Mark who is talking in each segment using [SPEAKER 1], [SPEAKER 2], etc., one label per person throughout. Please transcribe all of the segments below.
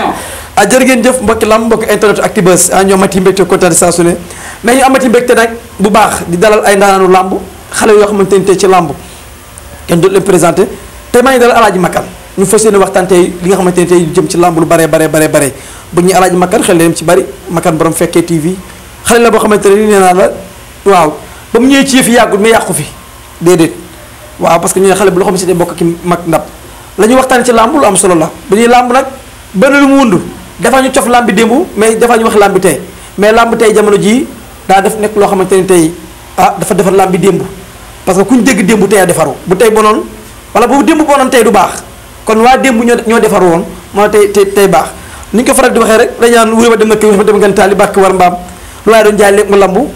[SPEAKER 1] ah jërë ngeen jëf mbokki lam mbokki internet Actubuzz ah ñoo amati mbégte kontaan saa su ne mais ñu amati mbégte nag bu baax di dalal ay ndaanaanu làmb xale yoo xamante te tey ci làmb kenn dootu leen présenté tey maa ngi dalal Alaaji Makan ñu fas yéene waxtaan tey li nga xamante ni tey jëm ci làmb lu bare bare bare bare bu ñu Alaaji Makan xel leen ci bari Makan borom fekkee TV xale la boo xamante ne nee naa la waaw ba mu ñëwee ci yëf yi yàggul mais yàqu fi déedéet waaw parce que ñu ne xale loo xam si ne bokk ki mag ndab la ñuy waxtaan ci làmb lu am solo la bëri lu mu wund dafa ñu cof làmbi démb mais dafa ñu wax làmbi tey mais làmb tey jamono jii daa def nekk loo xamante ne tey ah dafa defar làmbi démb parce que ku ñu dégg démb tey a defaru bu tey bonoon wala bu démb bonoon tey du baax kon waa démb ñoo ñoo defaru woon moo tey tey tey baax ni ñu ko faral di waxee rek dañaan wuri ba dem na kii wuri ba dem ngeen taali bàkk war mbaam lu waaye doon jaay lépp mu lambu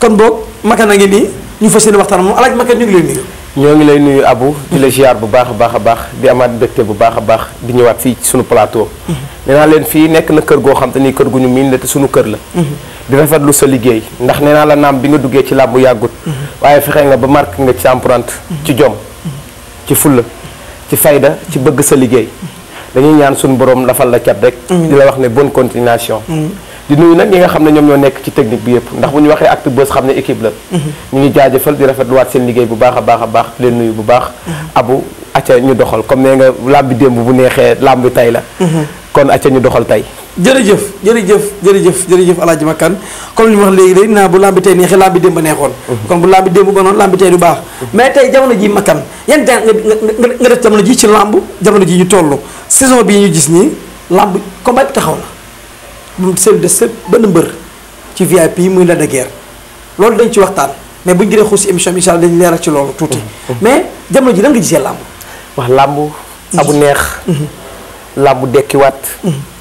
[SPEAKER 1] kon boog maka na ngi nii ñu fas yéene waxtaan moom alaaj maka ñu ngi leen
[SPEAKER 2] ñoo ngi lay nuyu Abou di la ziar bu baax a baax a baax di amaat mbégte bu baax a baax di ñëwaat fii ci suñu plateau. Mm-hmm. nee naa leen fii nekk na kër goo xam te ni kër gu ñu miin la te suñu kër la. Mm-hmm. di rafetlu sa liggéey ndax nee naa la naam bi nga duggee ci làmb yàggut. Mm-hmm. waaye fexe nga ba marqué nga ci empreinte. ci jom ci fulla ci fayda ci bëgg sa liggéey. dañuy ñaan suñu borom lafal la cat rek. di la wax ne bon continuation. di nuyu nag ñi nga xam ne ñoom ñoo nekk ci technique bi yëpp ndax bu ñu waxee Actubuzz xam ne équipe la mhm. ñu ngi jaajëfal di rafetluwaat seen liggéey bu baax a baax a baax di leen nuyu bu baax mhm. abu acca ñu doxal comme nee nga làmb bi démb bu neexee làmb bi tey la mhm. kon acca ñu doxal tey
[SPEAKER 1] jërëjëf jërëjëf jërëjëf jërëjëf Alaaji Makan comme li wax léegi day naa bu làmb bi tey neexee làmb bi démb neexoon kon bu làmb bi démb ba noonu làmb bi tey du baax mais tey jamono ji Makan yan jàng nga def jamono ji ci làmb jamono ji ñu toll saison bi ñu gis nii làmb combat bi taxaw la mu seen de sa benn mbër ci VIP muy la de guerre loolu dañ ci waxtaan mais bu ñu gënee xuus si émission bi incha allah dañu leeral ci loolu tuuti. Mhm. mais jamono ji lan nga gisee làmb. wax làmb. Mhm. abu neex. Mhm. làmb dekkiwaat.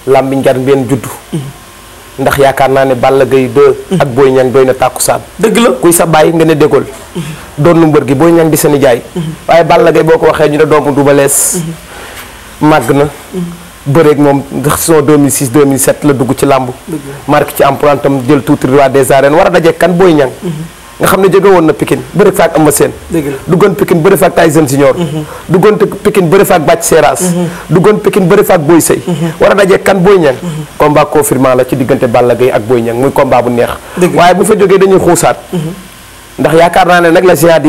[SPEAKER 2] làmb njar benn juddu. ndax yaakaar naa ne Balla Gaye 2 ak Boy ñan doy na tàkku tàkkusaan dëgg la kuy sa baay nga ne déggoo doon nu mbër gi Boy Niang di seen i jaay. waaye Balla Gaye boo ko waxee ñu ne doomu Double Less màgg na. bëreeg moom saison 2006 2007 la dugg ci làmb marque ci empreinte am jël tuuti roi des arènes war a daje kan Boy Niang mhm. nga xam ne jóge woon na Pikine bëri faak Eumeu Sène duggoon Pikine bëri faak Tyson Junior mhm. mhm. duggoon Pikine bëri faak Bathie Seras duggoon Pikine bëri faak Boy Sey war a dajee kan Boy Niang combat confirmant la ci diggante Balla Gaye ak Boy Niang muy combat bu neex waaye bu fa jógee dañuy xuusaat ndax yaakaar naa ne a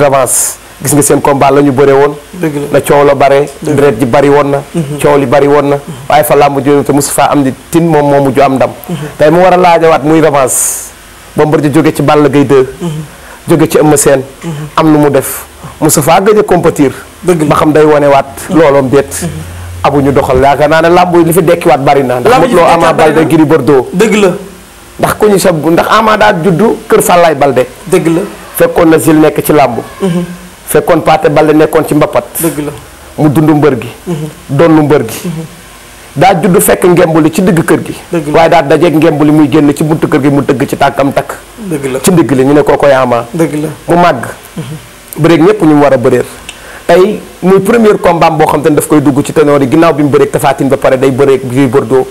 [SPEAKER 2] B52 gis nga seen combat la ñu bëree woon la coow la bare deret ji bari woon na mhm. coow li bari woon na mhm. waaye fa làmb jooju te Moustapha am di tin moom moo mujj am ndam mhm. tey mu war a laajawaat muy revanche Bombardier jóge ci Balla Gaye 2 jóge ci Eumeu Sène am lu mu def Moustapha gëj a compétir ba xam day wone wonewaat looloom déet abu ñu doxal yaakaar naa ne làmb li fi dekkiwaat bari na ndax Modou Lo Ama Baldé Gris Bordeaux dëgg la ndax ku ñu sa ndax Ama daa juddu kër Fàllaay Baldé dëgg la fekkoon na zil nekk ci làmb fekkoon Paate Baldé nekkoon ci mbappat dëgg la mu dund mbër gi mhm. donnu mbër gi mhm. daa judd fekk ngembuli ci dëgg kër gi waaye daa dajeeg li muy génn ci buntu kër gi mu dëgg ci tànkam takk dëgg la ci ndigg li ñu ne kooko yaamaa dëgg la mu màgg mhm. bëreeg ñépp ñu war a bëreer tey muy boo xam te ne daf koy dugg ci ténor yi ginnaaw bi mu bëreeg tafaatin ba pare day bëreeg Gris Bordeaux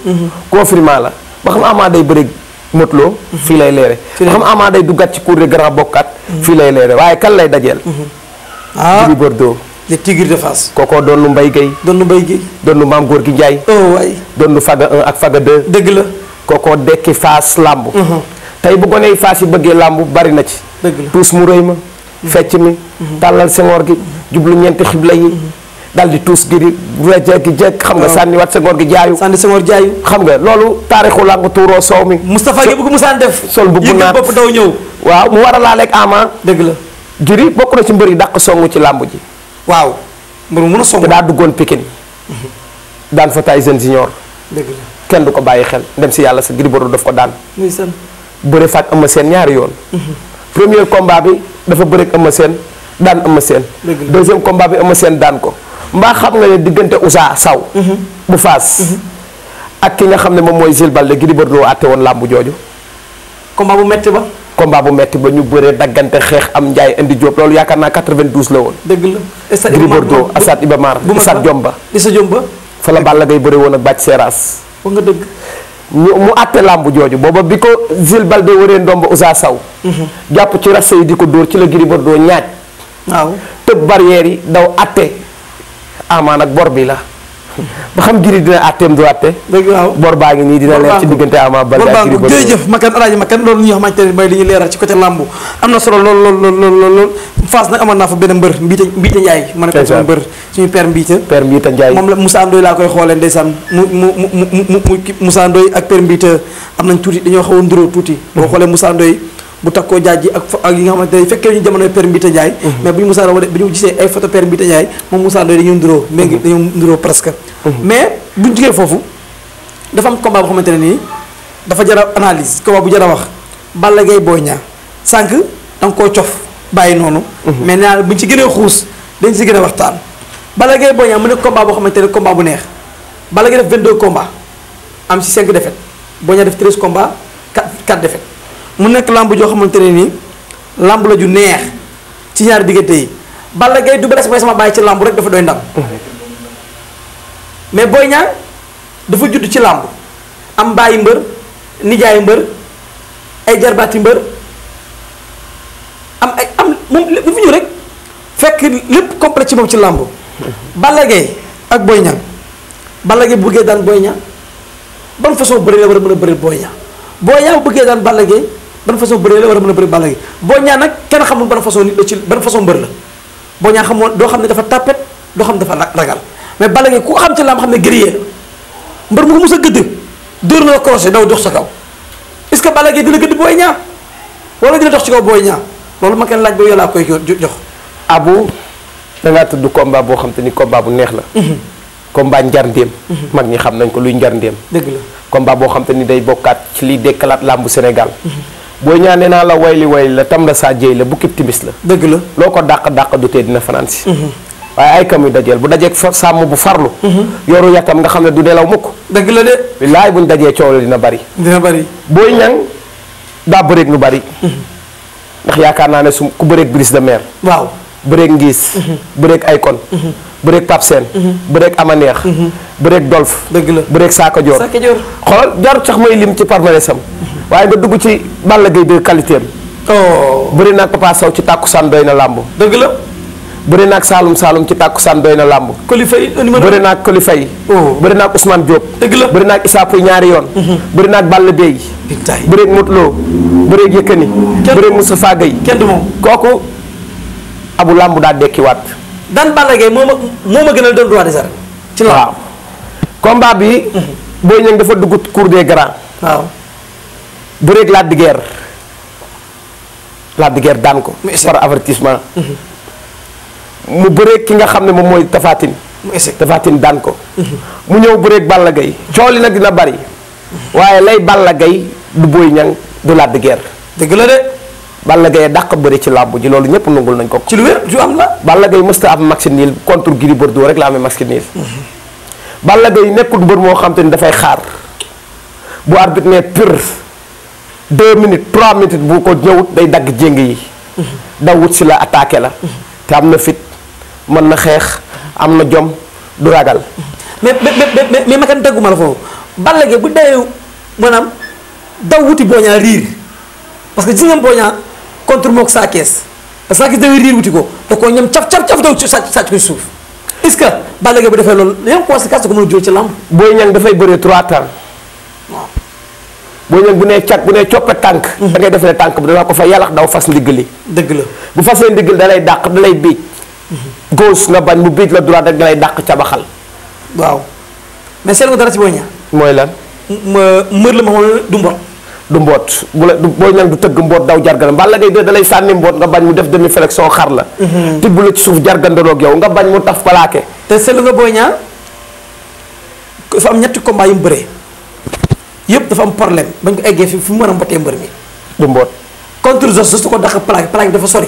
[SPEAKER 2] confirmant la ba xam amaa day bëreeg Modou Lo fii lay leere ba xam amaa day duggaat ci cour de grand bokkaat fii lay leere waaye kan lay dajeel ah Gris Bordeaux. le tigre de Fass. kookoo doonu Mbaye Guèye. doonu Mbaye Guèye. doonu maam góor gi Ndiaye. oh waay doonu Faga 1 ak Faga 2. dëgg la. kookoo dekki Fass làmb. Mhm. tey bu goney Fass yi bëggee làmb bari na ci. dëgg la mu rëy ma. Mhm. fecc mi. Mhm. tàllal sengoor gi. jublu ñeenti xibla yi. dal di tuus gi di jekki jekk xam nga ah. sànni wat sengoor gi jaayu. sànni sengoor jaayu. xam nga loolu taarixu làmb tuuroo soow mi. Moustapha Gueye bu ko musaan def. sol bu bu naat yëngal bopp daw ñëw. waaw mu war a laaleeg Ama. dëgg la. jiri bokk na ci mbër yi dàq songu ci làmb ji. waaw mbër mu mën a songu. te daa duggoon Pikine. daan fa Tyson Junior. dëgg la kenn du ko bàyyi xel dem si yàlla sa ba Bordeaux daf ko daan. muy sën. bëre faak Eumeu Sène ñaari yoon. premier combat bi dafa bëre ak Eumeu Sène daan Eumeu Sène. deuxième combat bi Eumeu Sène daan ko. mbaa xam nga ne diggante Ousa Saw. Mhm. bu Faas. Mhm. ak ki nga xam ne moom mooy Gilles Balde Gris Bordeaux àtte woon làmb jooju. combat bu metti ba. combat bu metti ba ñu bëree daggante xeex am njaay indi Diop loolu yaakaar naa 92 la woon. dëgg la stade Iba Mar Gris Bordeaux stade Iba Mar. stade Jomba. stade Jomba. fa la Balla Gaye bëree woon ak Bathie Seras. mu àtte làmb jooju booba bi ko Zil Balde waree ndomba Ousa Saw. Mhm. jàpp ci rase yi di ko dóor ci la Gris Bordeaux ñaaj. waaw tëb barrière yi daw àtte amaan ak bor bi la. ba xam giri dina àtteem du àtte bor baa ngi nii dina leer ci diggante Ama Baldé jërëjëf
[SPEAKER 1] Makan Alaaji Makan loolu ñuy xamante ne mooy li ñu leeral ci côté làmb am na solo lool lool lool lool nag amoon naa fa benn mbër Mbiite Mbiite Njaay ma ne ko sama mbër suñu père Mbiite père Mbiite Njaay moom la Moussa Ndoye laa koy xoolee ndeysaan mu mu mu mu Moussa Ndoye ak père Mbiite am nañ tuuti dañoo xaw a nduróo tuuti boo xoolee Moussa Ndoye bu takkoo jaaj ji ak ak yi nga xamante ne fekkee ñu jamonoy père Mbita Ndiaye mhm. mais bu ñu Moussa Ndoye bu ñu gisee ay photo père Mbita Ndiaye moom Moussa Ndoye dañoo nduróo mhm. mhm. mais ngi dañoo nduróo presque mais buñ jugee foofu dafa am combat boo xamante ne nii dafa jar a analyse combat bu jar a wax Balla Gaye Boy Niang sànq da koo cof bàyyi noonu mais naa buñ ci gënee xuus dañ si gën a waxtaan Balla Gaye Boy mu ne combat boo xamante ne combat bu neex Balla Gaye def 22 combats am si 5 défaites Boy Niang def 13 combats 4 4 défaites mu nekk làmb joo xamante ne nii làmb la ju neex ci ñaar diggante yi Balla Gaye du bres mooy sama bàyyi ci làmb rek dafa doy ndam mais Boy Niang dafa judd ci làmb am bàyyi mbër nijaayu mbër ay jarbaati mbër am ay am moom lu fi ñëw rek fekk lépp complet ci moom ci làmb Balla ak Boy Niang Balla Gaye bu bëggee daan Boy Niang ban façon bëri la a mën a bëri Boy Niang Boy Niang bu bëggee daan Balla ban façon bëree la war a mën a bëri Balla Gaye boo ñaa nag kenn xamul ban façon nit la ci ban façon mbër la boo ñaa xamoon doo xam ne dafa tàppet doo xam ne dafa ragal mais Balla Gaye ku xam ci laam xam ne guerrier mbër mu ko mos a gëdd dóor na la croisé daw dox sa kaw est ce que Balla Gaye dina gëdd booy ñaa wala dina dox ci kaw booy ñaa loolu ma kenn laaj boobu yow laa koy jox. abu da ngaa tudd combat
[SPEAKER 2] boo xam te ni komba bu neex la. Mhm. combat njar ndéem. Mhm. mag ñi xam nañ ko luy njar ndéem. dëgg la boo xam ni day bokkaat ci liy dekkalaat làmbu Sénégal. Mhm. booy ñaa nee naa la wayli wayli la tam la saa jéy la bukki timis la dëgg la loo ko dàq dàq du tee dina fanaan si mhm. waaye ay kam yu dajeel bu dajeeg sàmm bu farlu mhm. yoru yàkkam nga xam ne du nelaw mukk dëgg la de bilaay buñ dajee coow la dina bari dina bari booy ñang daa bëreeg lu bari mhm. ndax yaakaar naa ne su ku bëreeg brise de mer waaw bëreeg ngiis bëreeg aykon bëreeg Pape Sène bëreeg Amaneex bëreeg Dolf dëgg la bëreeg Saaka Joor Saaka Joor xoolal jarut sax may lim ci parmaresam waaye nga dugg ci Balla gay de qualité am. oh bëri na ak Papa Sow doy na làmb. dëgg la. bëri na ak Saalum Saalum ci tàkkusaan doy na làmb. kilifa yi bëri na ak kilifa yi. oh bëri na na ak ñaari yoon. Mhm. bëri na ak Balla Beye. bitaay bëri ak Modou Lo bëri ak kooku abu làmb daa dekkiwaat. dan Balla Gaye moo ma moo ma gënal doon droit des arènes. ci la waaw combat bi. Mhm. Boy Niang dafa dugg cour des grands. bu rek Lac de Guiers Lac de Guiers daan ko. avertissement. Mm-hmm. mu bëreeg ki nga xam ne moom mooy Tafatine. mu Tafatine daan ko. Mm-hmm. mu ñëw bëreeg Balla Gaye coow li nag dina bari. Mm-hmm. waaye lay Balla Gaye du Boy Niang du Lac de dëgg la de. Balla Gaye dàq bëri ci làmb ji loolu ñëpp nangul nañ ko. ci lu wér ju am la. Balla Gaye mësta am match nul contre Gris Bordeaux rek la amee match Balla Gaye nekkul mbër moo xam te ni dafay xaar bu arbitre ne pur. deux minutes trois minutes bu ko ñëwut day dagg jéng yi daw wut si la attaqué la te am na fit mën na xeex
[SPEAKER 1] am na jom du ragal mais mais mais makan dagguma la foofu Balla Gaye bu dee maanaam daw wuti booñaa riir parce que gis ngeen booñaa contre mook saa kees parce riir wuti ko da koo ñam caf caf caf daw sàcc sàcc ko suuf est-ce que Balla Gaye bu defee loolu yan conséquences ko mën a jur ci làmp booy ñan dafay bëree trois temps
[SPEAKER 2] booy ñëwee bu nee cat bu nee coppe tànk. Mhm. da ngay defee tànk bi danaa ko fa yàllax daw fas ndiggali. dëgg la bu fasee ndiggal da lay dàq da lay biij. Mhm. gauche nga bañ mu biij la droite rek da lay dàq cabaxal. waaw mais seetlu nga dara ci booy ñaa. mooy lan. ma mbër la ma xam du mboot. du mboot bu la booy ñaa du tëgg mboot daw jargan Balla Gaye de da lay sànni mboot nga bañ mu def demi flexion xar la. Mhm. tibb la ci suuf jargandaloog yow nga bañ mu taf
[SPEAKER 1] palaake. te seetlu nga booy ñaa dafa am yëpp dafa am problème bañ ko eggee fi fi mu mën a mbotee mbër mi. du mboot. contre Zos Zos dafa sori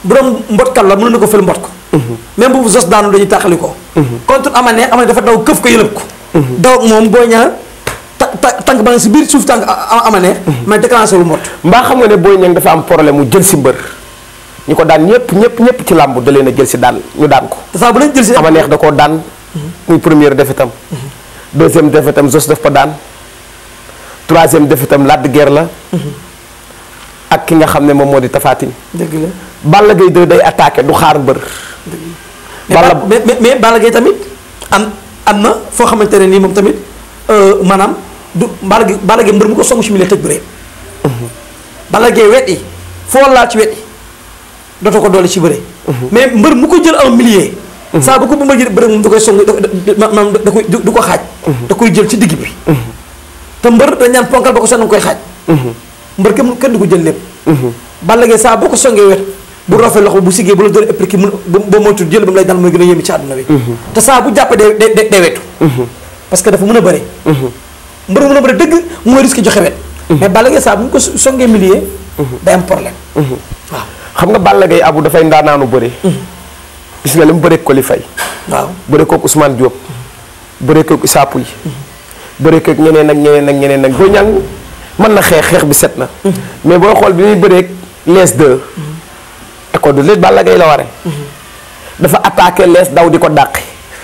[SPEAKER 1] bu doon mbotkat la mënoon na ko fël mbot ko. Mhm. même bu Zos daanu dañuy tàqali ko. Mhm. contre Amane Amane dafa daw këf ko yëlëb ko. Mhm. daw ak moom boo ñaar ta tànk ba si biir suuf tànk Amane. mais déclenché wu mbot. mbaa xam nga ne booy ñang dafa am problème
[SPEAKER 2] mu jël si mbër. ñu ko daan ñëpp ñëpp ñëpp ci làmb da leen a jël si daan ñu daan ko. te saa bu leen jël si koo daan. muy première défaitam. deuxième défaitam Zos daf ko daan troisième def am Lac de Guiers la. ak ki nga xam ne moom
[SPEAKER 1] moo di Tapha Tine. dëgg la Balla day attaqué du xaar mbër. Balla mais mais Balla Gaye tamit am am na foo xamante ne nii moom tamit euh, maanaam du Balla Gaye Balla Gaye mbër mu ko songu si milieu tëj bu mhm. laa ci wet yi dootoo ko doole ci bëre. Mhm. mais mbër mu ko jël un millier. Mhm. saa bu ko bu ma jël bëre moom da koy song da koy du ko xaaj. da koy jël ci digg bi. te mbër dañ naan ponkal ba ko sonn nga koy xaaj. Mhm. mbër kenn kenn du ko jël lépp. Mhm. Balla Gaye saa boo ko songee wet bu rafet loxo bu siggee bu la doon ëpp ki mun ba moytu jël ba mu lay dal mooy gën a yéeme ci àdduna bi. Mhm. te saa bu jàppee day day wetu. parce que dafa mën a bëri. mbër mën a bëri dëgg mooy risque joxe wet. mais Balla Gaye saa ko songee milier. day am problème.
[SPEAKER 2] waaw xam nga Balla Gaye abu dafay ndaanaanu bëri. gis nga li mu bëreeg ko li fay. waaw bëreeg koog Ousmane Diop. bëreeg koog bëreek ak ñeneen ak ñeneen ak ñeneen ak Boy Niang man na xeex xeex bi set na. Mm-hmm. mais booy xool bi muy bëreek lees 2. Mm-hmm. école de lutte Balla la ware mm-hmm. dafa attaqué lees daw di ko dàq.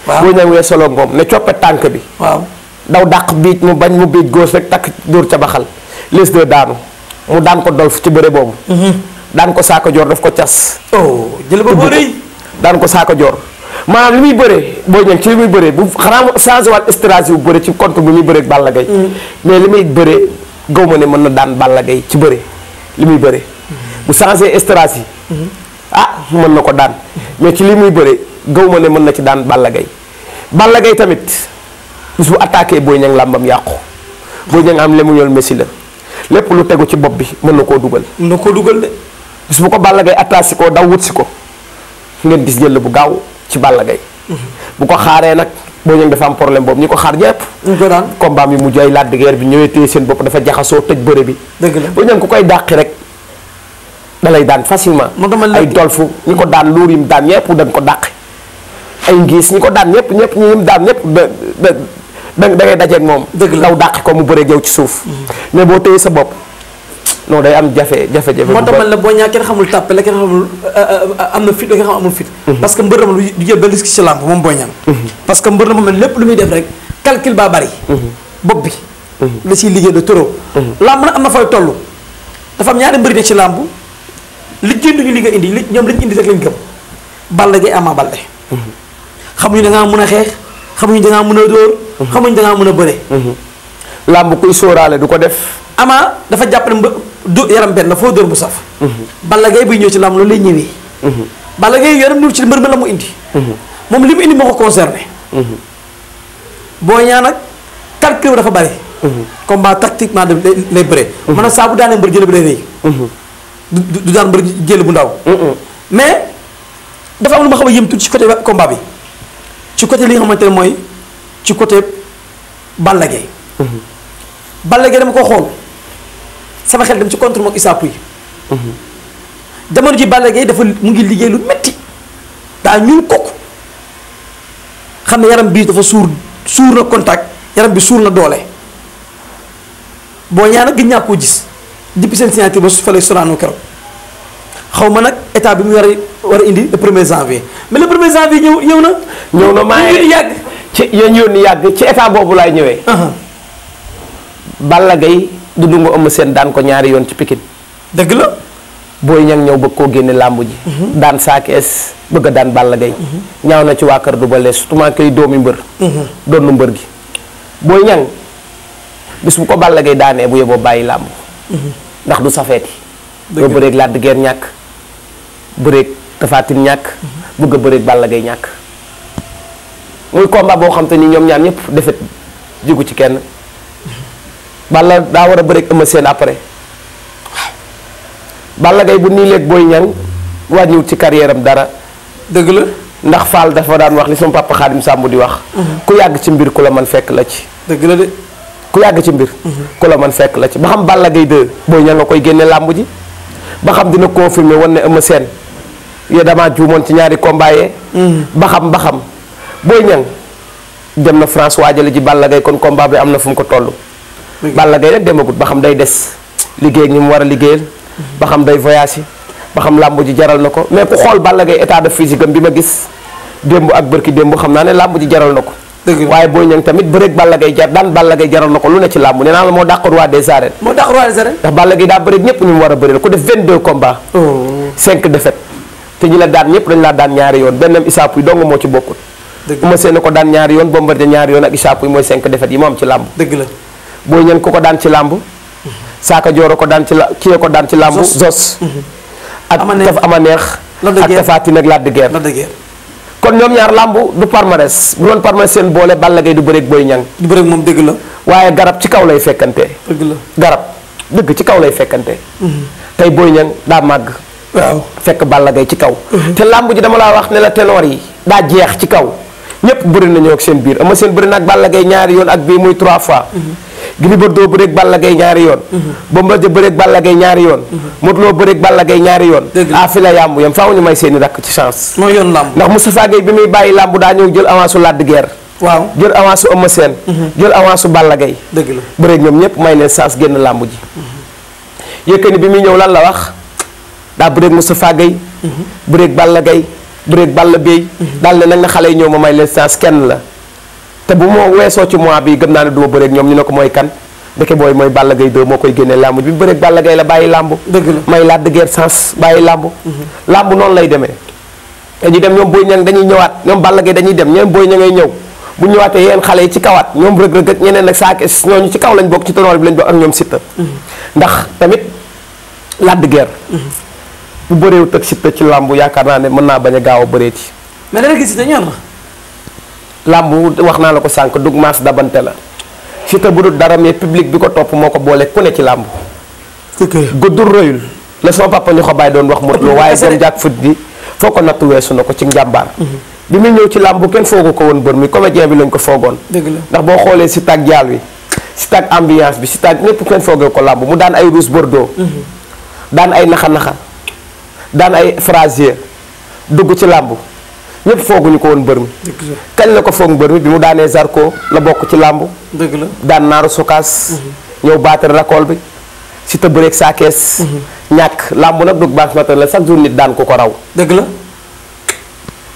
[SPEAKER 2] waaw Boy Niang weesoo la ngoom ne coppe tànk bi. waaw daw dàq biij mu bañ mu biij góos rek takk dóor ca baxal lees 2 daanu mu daan ko dolf ci bëre boobu. daan ko saako joor daf ko cas. oh jël ba daan ko saaka joor. maanaam li muy bëree Boy Niang ci li muy bëree bu xanaa changé waat stratégie bu bëri ci contre bi muy bëree ak Balla Gaye mm. mais li may bëree gaw ma ne mën na daan Balla Gaye ci bëri li muy bëree bu mm-hmm. changé stratégie mm-hmm. ah mën na ko daan mm-hmm. mais ci li muy bëree gaw ma ne mën na ci daan Balla Gaye Balla Gaye tamit bis bu attaqué Boy Niang làmbam yàqu Boy Niang am Lionel Messi la lépp lu tegu ci bopp bi mën na koo dugal mën na koo dugal de bis bu ko Balla Gaye attaqué si ko daw wut si ko ngeen gis jël bu gaaw ci Balla Gaye bu ko xaaree nag boo ñëwee dafa am problème boobu ñi ko xaar ñëpp. ñu ko daan combat mi mu jaay laaj de guerre bi ñëwee téye seen bopp dafa jaxasoo tëj bëre bi. dëgg la boo ñëwee ku koy dàqi rek da lay daan facilement. ay dolfu ñi ko daan luur yi mu daan ñëpp dañ ko dàq. ay ngiis ñi ko daan ñëpp ñëpp ñi mu ñëpp da da da ngay dajeeg moom. dëgg law daw dàq ko mu bëree jëw ci suuf. Mm-hmm. mais boo téye sa bopp. non day am jafe jafe-jafe. moo tax man la
[SPEAKER 1] boo ñaa kenn xamul tàppe la kenn xamul euh, euh, euh, am na fit la kenn xamul amul fit. Mhm. parce que mbër la moom du jël ba risque ci làmb moom boo ñaan. Mhm. que mbër la moom lépp lu muy def rek calcul baa bari. Mhm. bopp bi. la ciy liggéey de trop. làmb nag am na fay toll dafa am ñaari mbër nekk ci làmb li jënduñu li nga indi li ñoom lañ indi rek lañ gëm Balla Gaye Ama Baldé. xamuñu da mën a xeex xamuñu da ngaa mën a dóor. xamuñu da mën a bëre. làmb kuy sóoraale du ko def. Ama dafa jàppale ne du yaram benn foo dóor bu saf. Balla Gaye buy ñëw ci lam loolu lay ñëwee. Balla Gaye yaram ñëw ci mbër mi la mu indi. moom li mu indi moo ko concerné. boo ñaa nag calcul dafa bari. combat tactiquement de lay bëree. man saa bu daanee mbër jël bu lay rëy. du du daan mbër jël bu ndaw. mais dafa am lu ma xam a yëm ci côté combat bi ci côté li nga xamante ne mooy ci côté Balla Gaye. dama ko xool. sama xel dem ci contre moog Issa Pouye jamono ji Balla Gaye dafa mu ngi liggéey lu métti daa ñuul kooku xam ne yaram bii dafa suur suur na contact yaram bi suur na doole boo ñaan nag gën ñàkkoo gis depuis seen signature ba su fa lay sonaanoo keroog xaw ma nag état bi mu war a indi le premier janvier mais le premier janvier ñëw ñëw na. ñëw na maa ngi yàgg. ci yéen yàgg ci état boobu laay ñëwee. Uh-huh.
[SPEAKER 2] Balla du nga ëmm seen daan ko ñaari yoon ci Pikine. dëgg la. booy ñang ñëw bëgg koo génne làmb ji. Mhm. daan saakees bëgg a daan Balla Gaye mhm. ñaaw na ci waa kër du ba lees surtout koy doomi mbër. Mhm. doonu mbër gi. booy ñang bis bu ko Balla Gaye daanee bu yeboo bàyyi làmb. ndax du safeeti. dëgg la doo bëreeg ñàkk bëreeg Tapha Tine ñàkk. bëgg a bëreeg Balla Gaye ñàkk. muy combat boo xam te ni ñoom ñaar ñëpp defet jigu ci kenn. Balla daa war a bëreeg Eumeu Sène après waaw Balla bu nii leeg Boy Niang wàññiwut ci carrière am dara. dëgg la ndax Fall dafa daan wax li sama papa Xaadim di wax. Mhm. ku yàgg ci mbir ku la man fekk la ci. dëgg la de. ku ci mbir. Mhm. ku man fekk la ci ba xam Balla Gaye 2 Boy Niang nga koy génne làmb ji ba xam dina confirmer woon ne Eumeu Sène ya damaa juumoon ci ñaari combat yee. Mhm. ba xam ba xam Boy Niang dem na France waajale ji Balla Gaye kon combat bi am na fu ko toll. Balla Gaye demagut ba xam day des liggéey ñi mu war a liggéeyal ba xam day voyage ba xam làmb ji jaral na ko mais ku xool Balla Gaye état de physique bi ma gis démb ak bërki démb xam naa ne làmb ji jaral na ko waaye Boy Niang tamit bëreeg Balla Gaye jar daan Balla jaral na ko lu ne ci làmb nee naa la moo dàq roi des arènes ndax Balla daa bëreeg ñëpp ñu mu war a bëreel ku def 22 combats 5 défaites te ñi la daan ñëpp dañu laa daan ñaari yoon bennam Issa Pouye moo ci bokkul uma seen ko daan ñaari yoon Bombardier ñaari yoon ak Issa Pouye mooy la booy ñan ko ko daan ci làmb saaka jooro ko daan ci la kii ko daan ci làmb zos mhm. ak taf a neex ak tafaati nag Lac de Guiers kon ñoom ñaar làmb du parmarès bu doon parmarès seen boole Balla Gaye du bëreeg Boy Niang du bëreeg moom dëgg la waaye garab ci kaw lay fekkante dëgg la garab dëgg ci kaw lay fekkante mhm. tey Boy Niang daa màgg fekk Balla Gaye ci kaw mhm. te làmb ji dama laa wax ne la yi daa jeex ci kaw ñépp bëri nañoo ak seen biir ama seen bëri na ak Balla ñaari yoon ak bii muy trois fois Gris Bordeaux bëreeg Balla Gaye ñaari yoon Bombardier bëreeg Balla Gaye ñaari yoon Modou Lo bëreeg Balla Gaye ñaari yoon ah fi la yàmb yam faaw ñu may seeni rakk ci chance mooy yoon làmb ndax Moustapha Gueye bi muy bàyyi làmb daa ñëw jël avance su Lac de Guiers waaw jël avance su Eumeu Sène mhm. jël avance su Balla Gaye la bëreeg ñoom ñépp may leen chance génn làmb ji mhm. Yékini bi muy ñëw lan la wax daa bëreeg Moustapha Gueye mhm. bëreeg Balla Gaye bëreeg Balla Bèye daal ne nag na xale yi ñëw ma may leen chance kenn la te bu moo weesoo ci mois bi gën naa ne du ma ñoom ñu ne ko mooy kan ndeke booy mooy Balla Gaye 2 moo koy génne làmb bi mu bàll gay Gaye la bàyyi làmb dëgg la may laat de guerre sans bàyyi làmb mm-hmm. làmb noonu lay demee dañuy dem ñoom booy Niang dañuy ñëwaat ñoom Balla Gaye dañuy dem ñoom booy Niang ñëw bu ñëwaatee yen xale yi ci kawaat ñoom Reug Reug ak ñeneen ak saakes ñooñu ci kaw lañ bokk ci tournoi bi lañ bokk ak ñoom Siteu mm-hmm. ndax tamit laat ger guerre mm-hmm. bu bëreewut ak Siteu ci làmb yaakaar naa ne mën naa bañ a gaaw a bëreeti mais gis Siteu ñor làmb wax naa la ko sànq dug maas dabante la Siteu bu dul dara mais public bi ko topp moo ko boolee ku ne ci làmb guddul rëyul la sama papa ñu ko bàyyi doon wax Modou waaye jom jàkk fut bi foo ko natt weesu na ko ci njàmbaar mhm. bi muy ñëw ci làmb kenn foogu ko woon bër mi comme comédien bi lañ ko foogoon ndax boo xoolee si tag jaal wi si tag bi si tag ñépp kenn foogee ko làmb mu daan ay rouge bordeaux mhm. daan ay naxa-naxa daan ay frasier dugg ci làmb ñëpp fooguñu ko woon mbër mi kañ la ko foog mbër mi bi mu daanee Zarko la bokk ci làmb dëgg la daan naaru sokaas mhm. ñëw baatal récolte bi si te bëreeg saa mhm. ñàkk làmb nag du baax matin la chaque jour nit daan ko ko raw dëgg la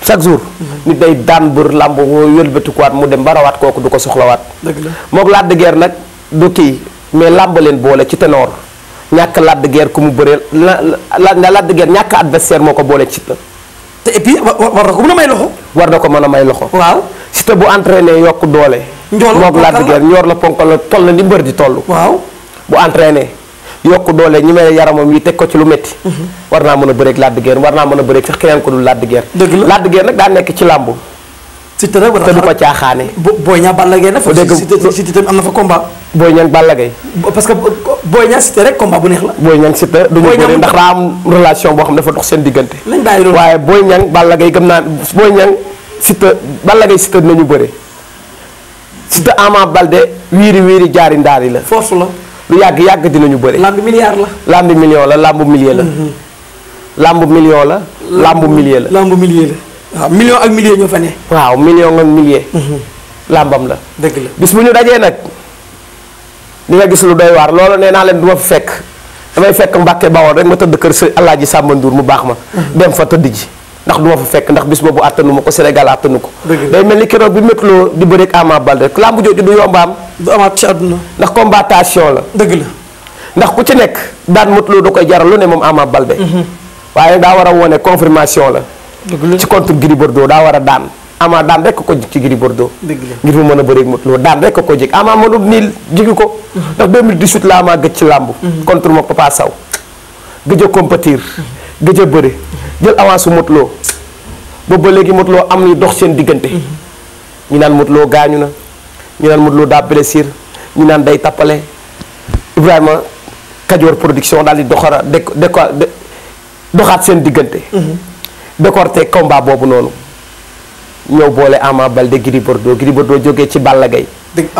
[SPEAKER 2] chaque jour mhm. day daan bër làmb woo wëlbatikuwaat mu dem ba rawaat kooku du ko soxlawaat dëgg la mook Lac de nag du kii mais làmb leen boole ci ténor ñàkk Lac de ku mu bëree la Lac de Guiers ñàkk adversaire moo ko boole ci te et puis war na ko mën a may loxo. war na ko mën a may loxo. waaw Siteu bu entraîné yokk doole. njool la moog Lac de Guiers ñor la ponkal la toll ni mbër di toll. waaw bu entraîné yokk doole ñi may yaramam yi teg ko ci lu métti. Mhm. war naa mën a bëreeg Lac war naa mën a bëreeg sax keneen ko dul Lac de nag daa nekk ci làmb.
[SPEAKER 1] Siteu nag te du ko caaxaane. bo Boy Niang Balla Gaye na parce que Boy Niang Siteu rek combat bu neex la.
[SPEAKER 2] Boy Niang Siteu du ñu ndax daa am relation boo xam dafa dox seen diggante. lañ bàyyi waaye booy Niang Balla Gaye gëm naa Boy Niang Siteu Balla Gaye Siteu ñu bëri. Siteu Ama Baldé wiiri wiiri jaari ndaari la. force la. lu yàgg yàgg dinañu bëri. lamb milliard la. lamb million la lamb millier la. Mm-hmm. lamb million la.
[SPEAKER 1] lamb millier
[SPEAKER 2] la. lamb millier la. waaw million ak milliers ñoo fa waaw million ak milliers. Mhm. làmbam la. dëgg la bis bu ñu dajee nag di nga gis lu doy waar loolu nee naa leen du ma fi fekk damay fekk Mbàkke Bawol rek ma tëdd kër sa Alaaji Sàmba Nduur mu baax ma. Mhm. dem fa tëdd ji ndax du ma fa fekk ndax bis boobu àttanu ma ko Sénégal àttanu ko. day mel ni keroog bi métloo di bëreeg Ama Baldé rek làmb jooju du yombaam. du amaat ci ndax combattation la. dëgg la ndax ku ci nekk daan métloo da koy jaral lu ne moom Ama Baldé. Mhm. waaye daa war a wone confirmation la. ci contre Gris Bordeaux daa war a daan Ama daan rekk ko jik ci Gris Bordeaux ngir mu mën a bëreeg Modou Lo daan rek ko jik Ama mënul nii jigi ko mhm. ndax 2018 la Ama gëj ci làmb mhm. contre moom Papa Sow gëj a compétir mhm. gëj bëre jël avance su Modou Lo boobu ba léegi Modou am ni dox seen diggante ñu naan Modou Lo gaañu na ñu naan Modou Lo daa blessure ñu naan day tappale Ibrahima Kajoor production daal di doxara de doxaat seen diggante décorté combat boobu noonu ñëw boole Ama Baldé Gris Bordeaux Gris Bordeaux jógee ci Balla Gaye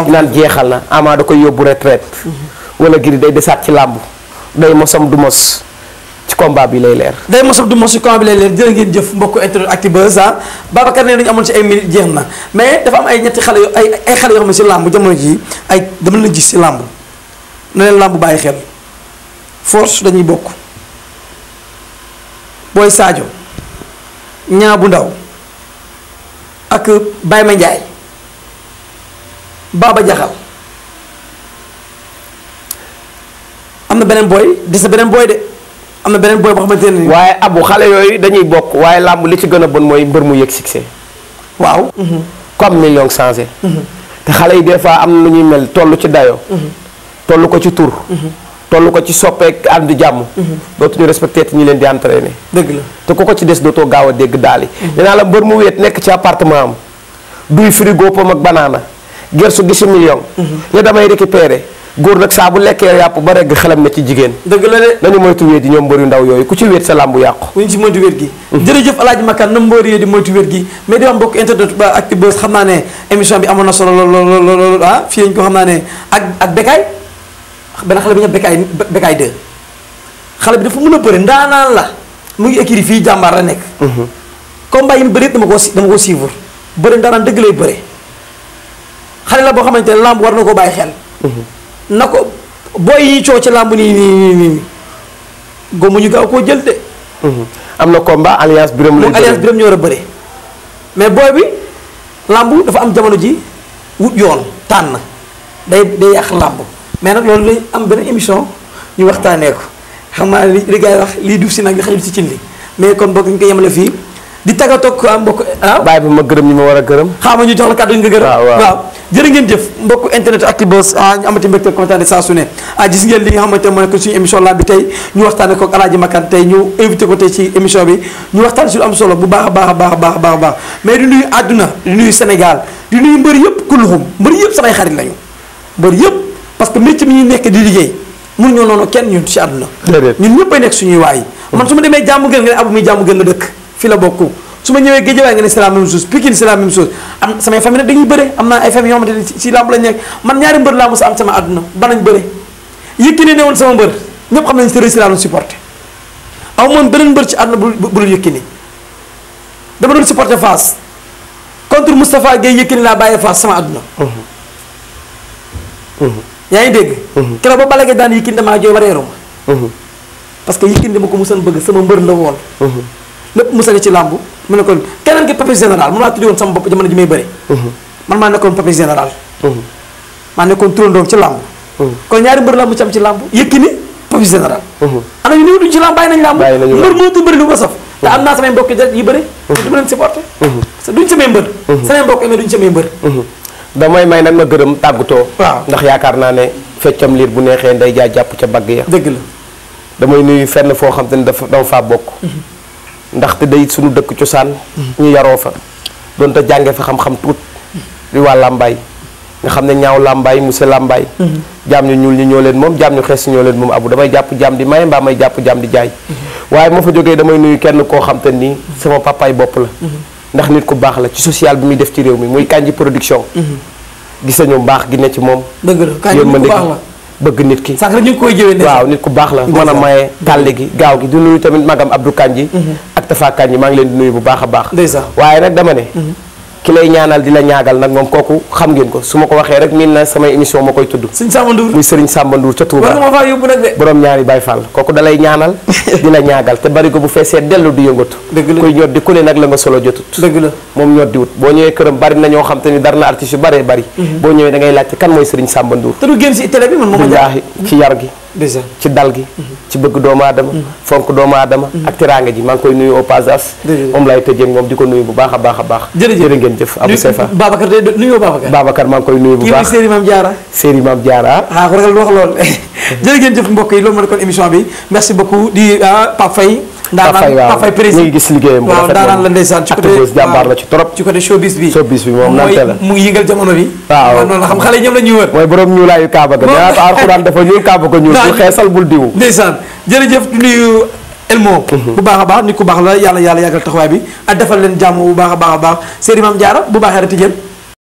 [SPEAKER 2] naan jeexal na Ama da koy yóbbu retraite mhm. wala Gris day desaat ci làmb day mosam du mos ci combat bi lay leer
[SPEAKER 1] day mosam du mos ci combat bi lay leer jërë ngeen jëf mbokk internet Actubuzz ah Babacar ne dañu amoon ci ay minutes jeex na mais dafa am ay ñetti xale yoo ay ay xale yoo xam ne si làmb jamono ji ay dama la gis si làmb na leen làmb bàyyi xel force dañuy bokk booy ñaa bu ndaw ak Baye Ma Ndiaye Baba Jaxal am na beneen booy di sa beneen booy de am na beneen booy boo xamante
[SPEAKER 2] ne waaye abu xale yooyu dañuy bokk waaye làmb li ci gën a bon mooy mbër mu yëg succès waaw comme mm-hmm. million changé mm-hmm. te xale yi des am na lu ñuy mel toll ci dayo mm-hmm. toll ko ci tur tollu ko ci soppeek di jàmm mhm. dootuñu respecté te ñi leen di entraîné dëgg la te ku ko ci des dootoo gaaw a dégg daal nee mhm. naa la mbër mu wéet nekk ci appartement am duy frigo pom ak banaana gersu gisi million mhm. ne damay récupéré góor nag saa bu lekkee yàpp ba regg xelam na ci jigéen dëgg la de nañu moytu wéet yi ñoo mbër yu ndaw yooyu ku ci wéet sa
[SPEAKER 1] làmbu yàqu ku ñu ci moytu wéet gi jërëjëf alaaji Makan na mbër yi di moytu wéet gi mais di wax mbokk xam naa ne émission bi amoon na solo lool lool lool ah, fii lañ ko xam naa ne ak ak Bécaye benn xale bi ñu bekaay bekaay deux xale bi dafa mën a bëri ndaanaan la mu ngi écrit fii jàmbaar la nekk. Mhm. combat yi mu bëri dama ko si dama ko suivre bëri ndaanaan dëgg lay bëri xale la boo xamante ne làmb war na ko bàyyi xel. Mhm. na ko booy yi coow ci làmb nii nii nii nii gomu ñu gaaw koo jël de. Mhm. am na combat alliance biram lay alliance biram ñu war a bëri mais booy bi làmb dafa am jamono ji wut yoon tànn day day yàq làmb. mais nag loolu lañ am benn émission ñu waxtaanee ko xam naa lii duuf si nag li xajul si cin li mais kon bokk ñu ko yemale fii di tàggatoo ko am mbokk ah. ba ma ñi ma war a gërëm. xaaral ma ñu jox la kàddu nga gërëm. waaw ngeen mbokk internet Actubuzz ah ñu amati mbégte kontaan saa su ne ah gis ngeen xamante mooy que suñu émission la bi tey ñu waxtaanee ko ak El Hadj Makane tey ko tey ci émission bi ñu waxtaan si am solo bu baax a baax a baax a baax mais di nuyu àdduna di nuyu Sénégal di nuyu mbër yëpp kulluxum mbër yëpp samay xarit lañu mbër yëpp parce que métier bi ñu nekk di liggéey mun ñoo noonu kenn ñun ci àdduna ñun ñëppay nekk suñuy waay man su ma demee jàmm gën nga ne abu muy jàmm gën la dëkk fi la bokk su ma ñëwee géej waay nga ne c'est la même chose Pikine c'est la même chose am samay famille nag dañuy bëre am naa ay famille yoo xamante ne ci làmb lañ nekk man ñaari mbër laa mos am sama àdduna ba bëre Yékini ne woon sama mbër ñëpp xam nañ si laa doon supporté aw moon beneen mbër ci àdduna bu dul yaa ngi dégg. Mhm. keroog ba Balla Gaye daan Yékini damaa jooy ba reeruma. Mhm. parce que Yékini dama ko musan bëgg sama mbër la woon. Mhm. lépp musa ci làmb mu ne keneen ki papi général mun laa tudde woon sama bopp man nekkoon papi ci làmb. kon ñaari mbër la mu ci am ci làmb Yékini papi général. ana ñu néew duñ ci làmb bàyyi nañ làmb. bàyyi nañ làmb mbër moo tudd bëri lu te am naa samay mbokk yu bëri. te du ma leen supporté. parce que samay mbër.
[SPEAKER 2] samay mbokk amee duñ samay mbër. damay may nag ma gërëm tàggatoo. waaw ndax yaakaar naa ne feccam liir bu neexee nday jaay jàpp ca bag ya. dëgg la damay nuyu fenn foo xam te ne dafa dama faa bokk. Mm-hmm. ndaxte day suñu dëkk cosaan. Mm-hmm. ñu fa doon te jànge xam-xam tuut. Mm-hmm. di waa làmbaay nga xam ne ñaaw làmbaay monsieur làmbaay jaam ñu ñuul ñi ñoo leen moom jaam ñu xees ñoo leen moom damay jàpp jaam di maye mbaa may jàpp jaam di jaay waaye moo fa jógee damay nuyu kenn koo xam te nii sama pàppaay bopp la ndax nit ku baax la ci social bi muy def ci réew mi muy Kandji production.
[SPEAKER 3] Mm-hmm.
[SPEAKER 2] gis nañu baax gi ne ci moom. dëgg la Kandji nit ku baax la bëgg nit ki. sax rek ñu ngi koy waaw nit ku baax la mën a maye tàlle gi gaaw gi du nuyu tamit magam Abdou Kandji. Mm-hmm. ak Tafa Kandji maa ngi leen di nuyu bu baax a baax. waaye nag dama ne. Mm-hmm. ki lay ñaanal di la ñaagal nag moom kooku xam ngeen ko su ma ko waxee rek miin na samay émission ma koy tudd muy sëriñ Samba Ndour da lay ñaanal di la ñaagal te bari ko bu feesee dellu di yëngatu koy ñot ku ne nag la nga solo jotut moom ñot wut boo ñëwee këram bari na ñoo xam te dara na artiste yu baree bari mhm. boo ñëwee da ngay laajte kan mooy sëriñ Samba Ndour te du génn si télé ci yar gi ci dal gi mhm. ci bëgg doomu aadama mm-hmm. fonk doomu aadama mm-hmm. ak teraanga ji maa ngi koy nuyu au passage moom lay tëjee moom di ko nuyu bu baax a baax a baax jërë ngeen jëf Abou
[SPEAKER 1] Sefa Babacar de nuyu Babacar Babacar maa ngi koy nuyu bu baax Serigne Mame Diarra Serigne Mame Diarra ah ko ragal wax lool jërë ngeen jëf mbokk yi loolu moo nekkoon émission bi merci beaucoup di ah, Pape Faye Pafay waaw Pafay président ñu ngi gis liggéeyam. bu rafet daanaan la ndeysaan ci côté jàmbaar la ci trop. ci côté showbiz bi
[SPEAKER 2] showbiz bi moom nante la mu yëngal jamono bi. waaw noonu xam xale ñoom la ñuy wër. mooy borom ñuulaayu Kaaba ga. ñaata alxuraan
[SPEAKER 1] dafa ñuul Kaaba ga ñuul. bul xeesal bul diw. ndeysaan jërëjëf du nuyu Elmo.
[SPEAKER 2] Mhm.
[SPEAKER 3] bu
[SPEAKER 1] baax a baax nit ku baax la yàlla yàlla yàggal taxawaay bi ak defal leen jàmm bu baax a baax a baax Seydou Mame Diarra bu
[SPEAKER 3] baaxee rek